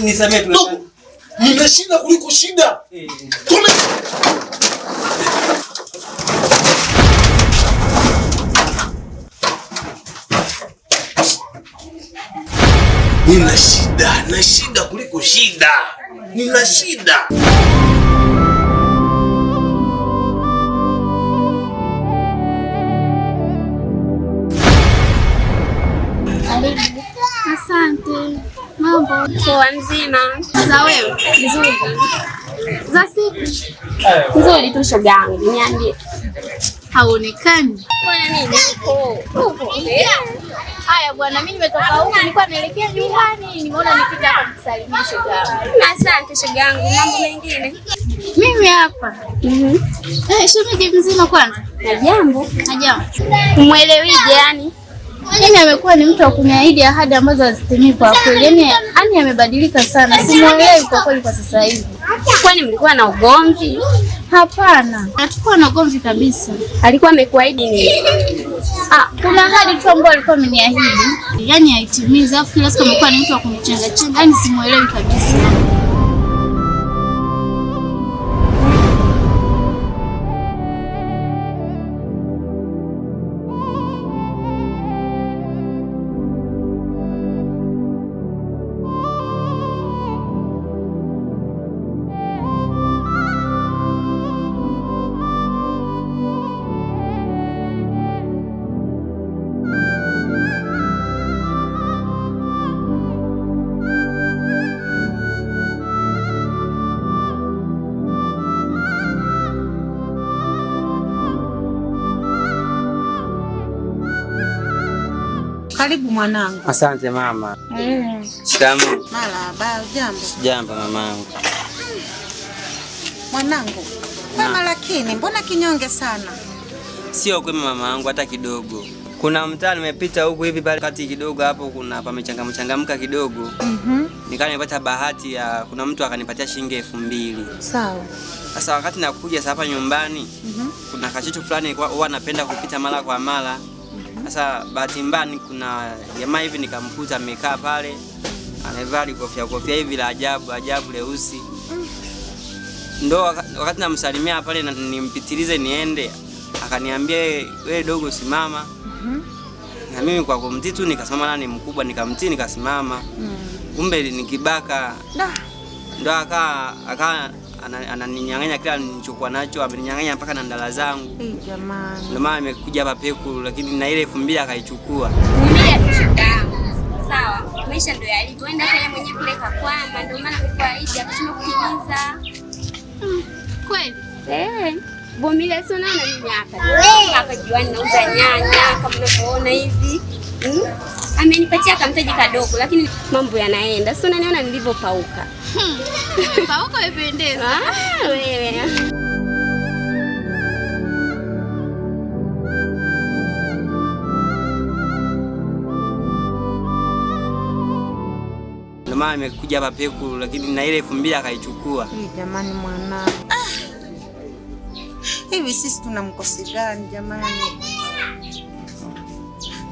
Nisamee tu. Nimeshinda kuliko shida. Eh, eh. Nina shida, na shida kuliko shida. Nina shida. Asante. Mambo poa, nzima. Za wewe? Nzuri. Za siku nzuri tu, shoga yangu. Niambie, haonekani Haya bwana, mimi nimetoka huko, nilikuwa naelekea nyumbani, nimeona nipita hapa shoga yangu. Asante shoga yangu. Mambo mengine mimi hapa mhm. eh, mzima, kwanza na jambo na jambo, yani yani amekuwa ni mtu wa kuniahidi ahadi ambazo hazitimii kwa kweli. Yaani ani amebadilika sana, simuelewi kwa kweli kwa sasa hivi. Kwani mlikuwa na ugomvi? Hapana, hatukuwa na ugomvi kabisa. Alikuwa amekuahidi nini? Ah, kuna ahadi tu ambayo alikuwa ameniahidi, yaani haitimizi. Alafu kila siku amekuwa ni mtu wa kunichangachenga, yaani simuelewi kabisa. Karibu mwanangu. Asante mama. Mm. Shikamoo. Marahaba. Jambo. Jambo mamangu. Mwanangu, mama lakini mbona kinyonge sana? Sio kwema mamangu hata kidogo. Kuna mtaa nimepita huku hivi pale kati kidogo hapo kuna pamechangamka kidogo. Mhm. nikawa nimepata bahati ya kuna mtu akanipatia shilingi elfu mbili. Sawa. Sasa wakati nakuja sasa hapa nyumbani, mm -hmm. kuna kachitu fulani huwa anapenda kupita mara kwa mara sasa bahati mbaya, kuna jamaa hivi nikamkuta amekaa pale, amevaa kofia kofia hivi la ajabu ajabu leusi, ndo wakati namsalimia pale nimpitilize niende, akaniambia wewe dogo, simama. mm -hmm. na mimi kwa kumtii tu nikasimama, nani mkubwa, nikamtii nikasimama. mm -hmm. kumbe nikibaka ndo akaa akaa ananinyang'anya kila nilichokuwa nacho, amenyang'anya mpaka na ndala zangu. Hey, jamani. Ndio maana imekuja hapa peku, lakini na ile elfu mbili akaichukua. Sawa, maisha ndio yeye mwenyewe kule ndio maana kwa akashindwa kutimiza. Mm, kweli? Eh. Bomilia sio nana mimi hapa. Hapa juani nauza nyanya kama unavyoona hivi. Hmm? Amenipatia kamtaji kadogo lakini mambo yanaenda. Sio unaniona nilivyopauka. Hmm. Pauka umependeza. Ah, wewe. Ndio amekuja hapa peku lakini na ile elfu mbili akaichukua. Jamani mwanangu. Hivi sisi tuna mkosi gani jamani?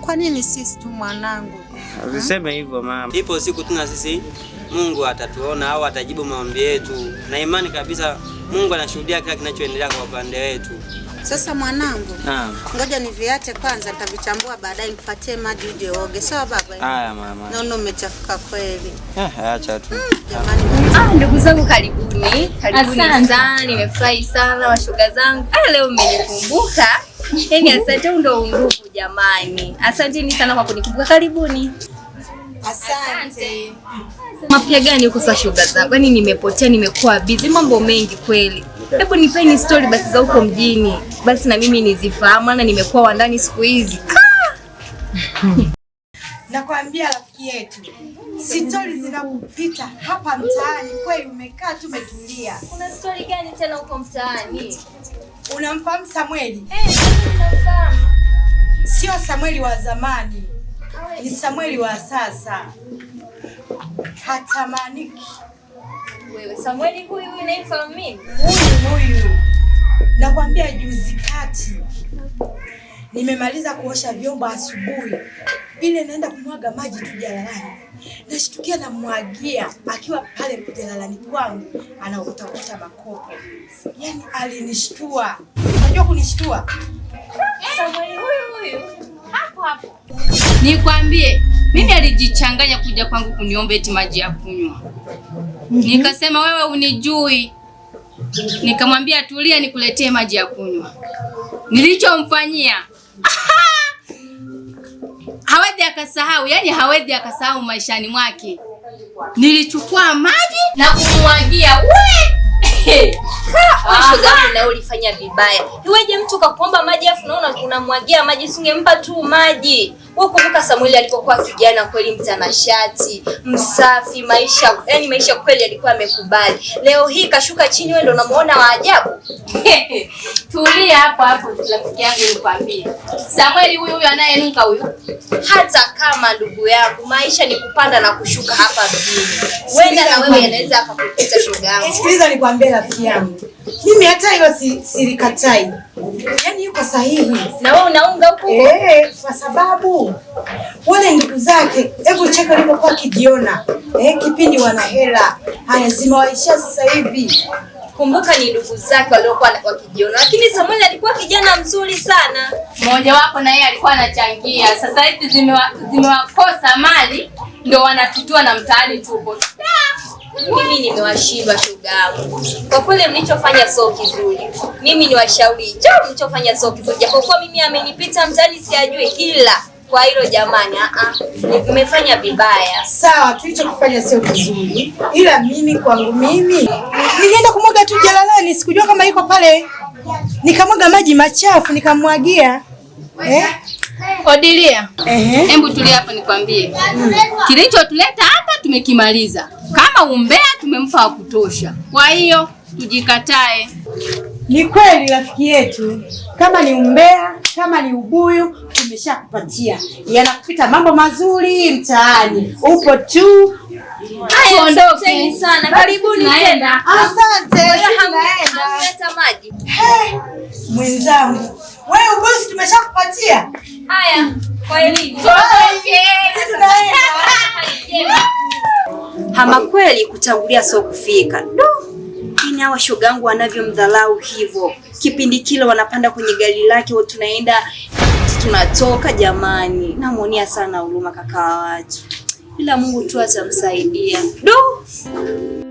Kwa nini sisi tu mwanangu? Usiseme hivyo mama. Ipo siku tuna sisi Mungu atatuona au atajibu maombi yetu, na imani kabisa Mungu anashuhudia kila kinachoendelea kwa upande wetu. Sasa mwanangu, ngoja niviache kwanza, nitavichambua baadaye, nipatie maji uje oge. Sawa baba? Haya mama. Naona umechafuka kweli. Eh, acha tu. Mm, jamani. Ah, ndugu zangu karibuni, karibuni sana, nimefurahi sana mashoga zangu. Ah, leo mmenikumbuka. Yaani asante, ndo undugu jamani. Asanteni sana kwa kunikumbuka, karibuni. Asante. Mapya gani huko sasa shoga zangu? Yaani nimepotea, nimekuwa busy, mambo mengi kweli. Hebu nipeni story basi za huko mjini, basi na mimi nizifahamu, na nimekuwa wandani siku hizi. Ah! Nakwambia rafiki yetu, stori zinakupita hapa mtaani. Kweli umekaa tu umetulia. Kuna stori gani tena huko mtaani? Unamfahamu Samweli? Eh, sio Samweli wa zamani, ni Samweli wa sasa. Hatamaniki wewe. Samweli huyu unaifahamu mimi? Huyu huyu nakwambia, juzi kati nimemaliza kuosha vyombo asubuhi ile naenda kumwaga maji tu jalalani, nashtukia namwagia akiwa pale jalalani kwangu, anaokutakuta makopo. Yani alinishtua, unajua kunishtua huyu hapo hapo. Nikwambie mimi alijichanganya kuja kwangu kuniomba eti maji ya kunywa. Mhm. Nikasema wewe unijui, nikamwambia tulia nikuletee maji ya kunywa. Nilichomfanyia hawezi akasahau, yani hawezi akasahau maishani mwake. Nilichukua maji na kumwagia wewe. Ah, ulifanya vibaya. Iweje mtu kakuomba maji afu naona unamwagia maji, singempa tu maji Kumbuka Samueli alipokuwa kijana, kweli mtanashati, msafi, maisha yani maisha kweli alikuwa amekubali. Leo hii kashuka chini, wewe ndio unamuona wa ajabu. Tulia hapo hapo, rafiki yangu, nikwambie Samueli huyu huyu anayenuka huyu, hata kama ndugu yangu, maisha ni kupanda na kushuka hapa mjini. Wenda na wewe anaweza akakukuta shoga yangu. Sikiliza nikwambie rafiki yangu, mimi hata hiyo sirikatai si yaani yuko sahihi na wewe unaunga huko eh, kwa sababu wale ndugu zake, hebu cheka alipokuwa kijiona eh, kipindi wana hela haya zimewaisha sasa hivi. Kumbuka ni ndugu zake waliokuwa wakijiona, lakini Samuel alikuwa kijana mzuri sana, mmoja wapo na yeye alikuwa anachangia. Sasa hivi zimewakosa mali, ndio wanatutua na mtaani tupo mimi nimewashiba shogangu, kwa kweli mlichofanya sio kizuri. Mimi ni washauri cho mlichofanya sio kizuri, japokuwa mimi amenipita mtani siajui, ila kwa hilo jamani, mmefanya vibaya. Sawa, tulichokifanya sio kizuri, ila mimi kwangu mimi nilienda kumwaga tu jalalani, sikujua kama iko pale, nikamwaga maji machafu nikamwagia eh? Odilia, hebu tulia hapa nikwambie, mm. Kilichotuleta hapa tumekimaliza. Kama umbea tumempa wa kutosha, kwa hiyo tujikatae. Ni kweli rafiki yetu, kama ni umbea, kama ni ubuyu, tumeshakupatia. Yanakupita mambo mazuri mtaani, upo tu. Ondoke sana, karibuni tena. Asante, tunaenda. Mwenzangu wewe ubusi tumeshakupatia. Haya, kwa elimu. Hama kweli kutangulia sio kufika. Do. Ini hawa shogangu wanavyomdhalau hivyo. Kipindi kile wanapanda kwenye gari lake wao tunaenda tunatoka jamani. Namuonea sana huruma kaka watu. Ila Mungu tu atamsaidia. Do.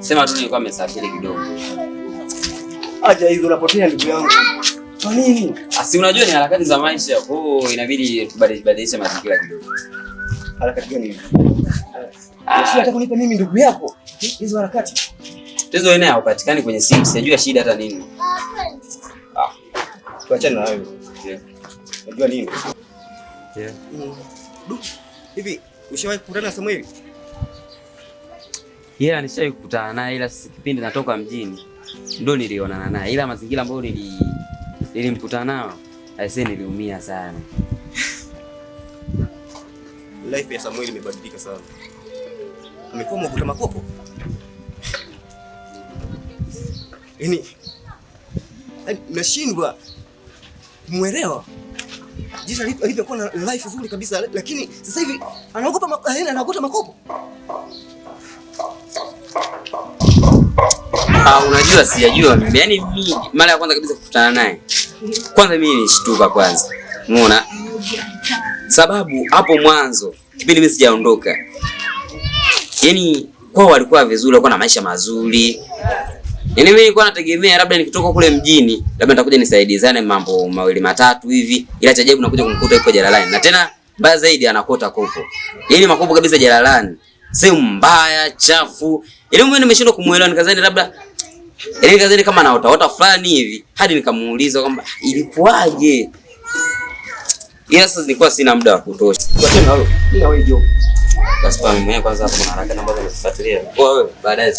Sema tu nilikuwa nimesafiri kidogo. Acha hizo unapotea ndugu yangu. Kwa nini? Asi ah, unajua ni harakati za maisha. Oh, inabidi tubadilishe mazingira kidogo. Harakati gani? Unataka kunipa mimi ndugu yako? Hizo harakati. Tezo eneo hupatikani kwenye simu. Sijui shida hata nini. Ah. Tuachane na hayo. Unajua nini? Yeah. Mm. Hivi ushawahi kukutana na Samuel? ila nishai kukutana naye, ila kipindi natoka mjini ndo nilionana naye, ila mazingira ambayo nili nilimkuta nao aisee, niliumia sana. Life ya Samuel imebadilika sana, amekuwa mwakuta makopo. Yaani, yaani nashindwa kumwelewa jinsi alivyokuwa na life nzuri kabisa, lakini sasa hivi anaogopa, yaani makopo. Ah, unajua sijajua mimi. Yaani mimi mara ya kwanza kabisa kukutana naye. Kwanza mimi nilishtuka kwanza. Unaona? Sababu hapo mwanzo kipindi mimi sijaondoka. Yaani kwa walikuwa vizuri, walikuwa na maisha mazuri. Yaani mimi nilikuwa nategemea labda nikitoka kule mjini, labda nitakuja nisaidizane mambo mawili matatu hivi. Ila cha ajabu nakuja kumkuta yuko jalalani. Na tena mbaya zaidi anakota kopo. Yaani makopo kabisa jalalani. Sehemu mbaya, chafu. Yaani mimi nimeshindwa kumuelewa, nikazani labda Yaani kama naotaota fulani hivi hadi nikamuuliza kwamba ah, ilikuwaje. Ila sasa nilikuwa sina muda wa kutosha. Kwa hiyo na wewe jo. Basi kwa mimi kwanza hapo na haraka na baada ya kufuatilia. Wewe baadaye.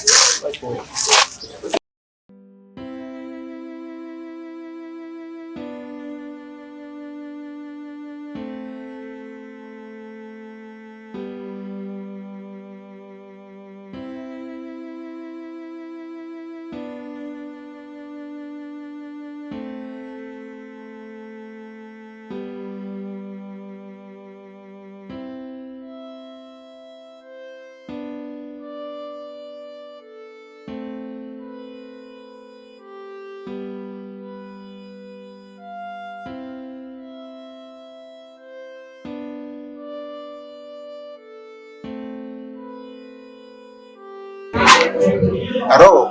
Roho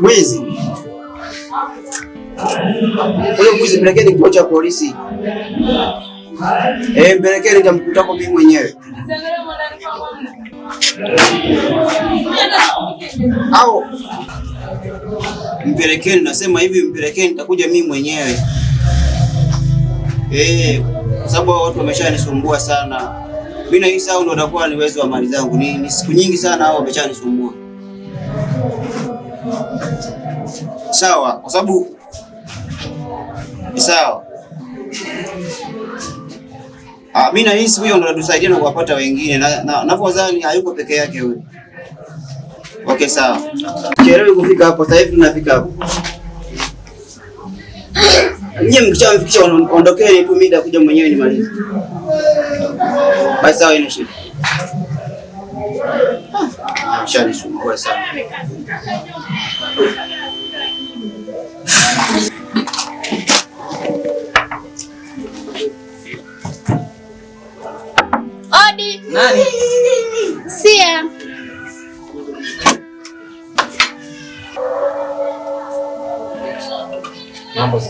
mwizi huyo, mwizi pelekeni kituo cha polisi, mpelekeni eh, nitamkuta mimi mwenyewe au mpelekeni. Nasema hivi mpelekeni, nitakuja mimi mwenyewe eh, kwa sababu watu wameshanisumbua sana. Mimi na hisa ndo nakuwa ni uwezo wa mali zangu, ni siku nyingi sana hao wameshanisumbua. Sawa, kwa sababu sawa Ah, mimi nahisi huyo ndo anatusaidia na kuwapata wengine na navyozani hayuko peke yake huyo. Okay, sawa. Chelewe kufika hapo, sasa hivi tunafika hapo. Nyie mkicha mfikisha ondokeni tu, mimi nitakuja mwenyewe ni nimalize. Basi sawa, ina shida. Ah, Shani sumbua sana. Nani? Sia. Mambo.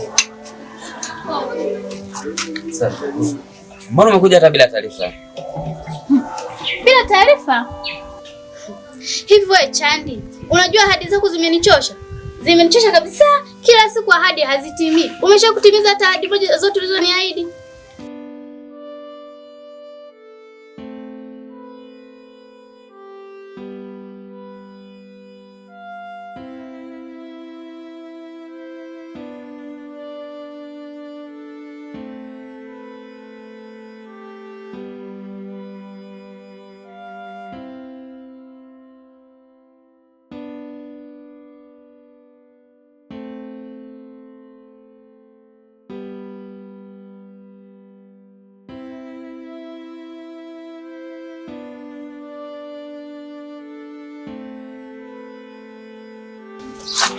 Sasa. Mbona umekuja hata bila taarifa? Bila taarifa? wewe Chandi, unajua ahadi zako zimenichosha. Zimenichosha kabisa. Kila siku ahadi hazitimii. Umeshakutimiza kutimiza hata ahadi moja zote ulizoniahidi.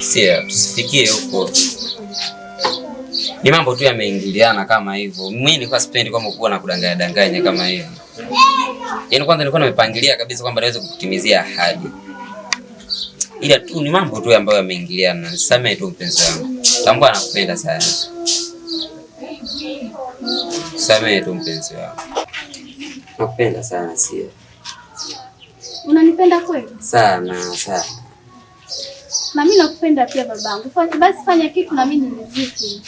Sia, tusifikie huko, ni mambo tu yameingiliana kama hivyo. Mimi nilikuwa sipendi kama kuwa na kudanganya danganya kama hivyo. Yaani kwanza nilikuwa nimepangilia kabisa kwamba naweza kukutimizia ahadi, ila tu ni mambo tu ambayo yameingiliana. Nisamehe tu mpenzi wangu, tambua nakupenda sana. Nisamehe tu mpenzi wangu, nakupenda sana. Sia, unanipenda kweli? Sana sana na mimi nakupenda pia babangu. Basi fanya kitu na mimi nimziki,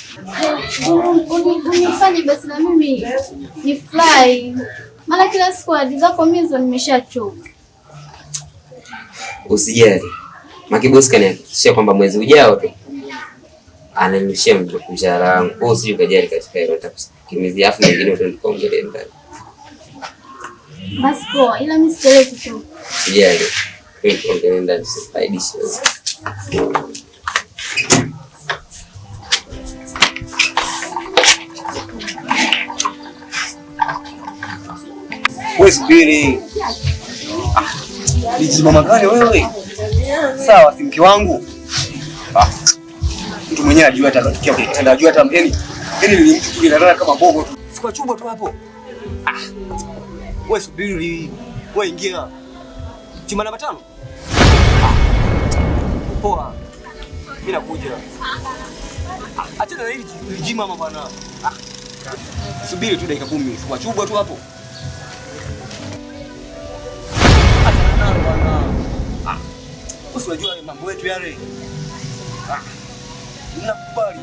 unifanye basi na mimi ni fly, maana kila siku hadi zako mizo nimeshachoka. Usijali, makibosi kanihakikishia kwamba mwezi ujao tu ananishia mshahara wangu, kwa usije ukajali katika hilo, nitakusikimizia afu nyingine utaongelea ndani. Basi poa, ila mimi sitaki kutoka. Usijali. Nitaongelea ndani, sifaidishe. Wewe ah, mama gani wewe? Sawa, si mke wangu. Ah, mtu mwenyewe ajua atatokea kwa kitanda, ajua hata mgeni. Yaani ni mtu kinalala kama bogo tu. Si chumba tu hapo. Ah. Wewe subiri, wewe ingia. Chimana matano. Poa. Mimi nakuja. Achana na hili jima mama bwana. Ah. Subiri tu dakika 10 kwa chubwa tu hapo. Achana na bwana. Ah. Unajua mambo yetu yale. Ah. Nakubali.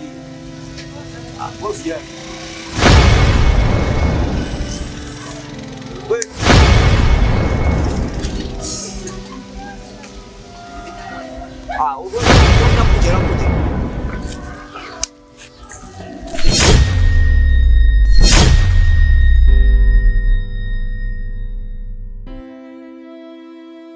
Ah, wewe usijali. Wewe Ah, o